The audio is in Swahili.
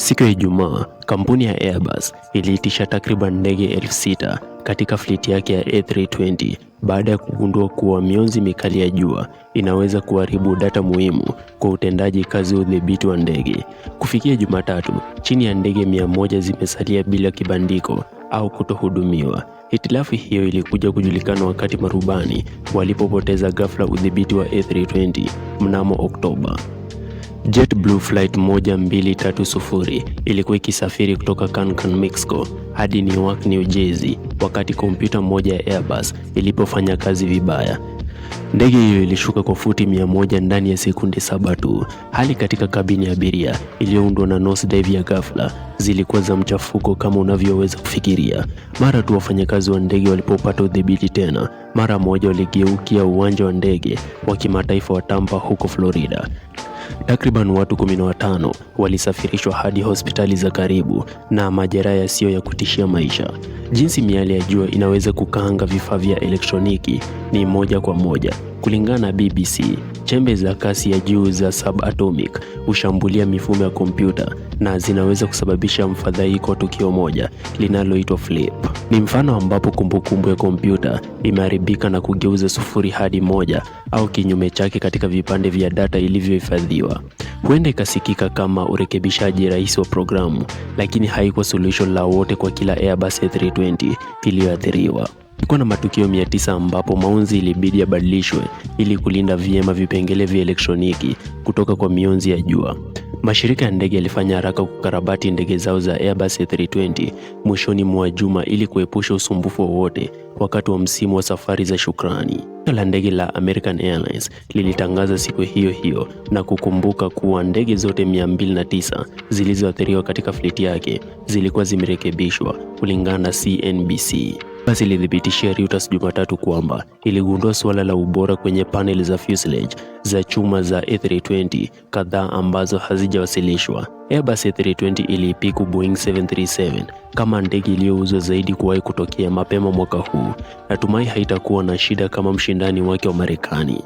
Siku ya Ijumaa, kampuni ya Airbus iliitisha takriban ndege elfu sita katika fliti yake ya A320 baada ya kugundua kuwa mionzi mikali ya jua inaweza kuharibu data muhimu kwa utendaji kazi wa udhibiti wa ndege. Kufikia Jumatatu, chini ya ndege mia moja zimesalia bila kibandiko au kutohudumiwa. Hitilafu hiyo ilikuja kujulikana wakati marubani walipopoteza ghafla udhibiti wa A320 mnamo Oktoba. JetBlue flight 1230 ilikuwa ikisafiri kutoka Cancun, Mexico hadi Newark, New Jersey wakati kompyuta moja ya Airbus ilipofanya kazi vibaya. Ndege hiyo ilishuka kwa futi 100 ndani ya sekunde saba tu. Hali katika kabini ya abiria iliyoundwa na dive ya ghafla zilikuwa za mchafuko kama unavyoweza kufikiria. Mara tu wafanyakazi wa ndege walipopata udhibiti tena, mara moja waligeukia uwanja wa ndege wa kimataifa wa Tampa huko Florida Takriban watu 15 walisafirishwa hadi hospitali za karibu na majeraha yasiyo ya kutishia maisha. Jinsi miale ya jua inaweza kukaanga vifaa vya elektroniki ni moja kwa moja, kulingana na BBC. Chembe za kasi ya juu za subatomic hushambulia mifumo ya kompyuta na zinaweza kusababisha mfadhaiko wa tukio moja linaloitwa flip. Ni mfano ambapo kumbukumbu ya kompyuta imeharibika na kugeuza sufuri hadi moja au kinyume chake katika vipande vya data ilivyohifadhiwa. Huenda ikasikika kama urekebishaji rahisi wa programu, lakini haikuwa suluhisho la wote kwa kila Airbus A320 iliyoathiriwa. Kulikuwa na matukio tisa ambapo maunzi ilibidi yabadilishwe ili kulinda vyema vipengele vya elektroniki kutoka kwa mionzi ya jua. Mashirika ya ndege yalifanya haraka kukarabati ndege zao za Airbus A320 mwishoni mwa juma ili kuepusha usumbufu wowote wakati wa msimu wa safari za shukrani. La ndege la American Airlines lilitangaza siku hiyo hiyo na kukumbuka kuwa ndege zote 209 zilizoathiriwa katika fliti yake zilikuwa zimerekebishwa kulingana na CNBC. Basi ilithibitishia Reuters Jumatatu kwamba iligundua suala la ubora kwenye panel za fuselage za chuma za A320 kadhaa ambazo hazijawasilishwa. Airbus A320 iliipiku Boeing 737 kama ndege iliyouzwa zaidi kuwahi kutokea mapema mwaka huu. Natumai haitakuwa na shida kama mshindani wake wa Marekani.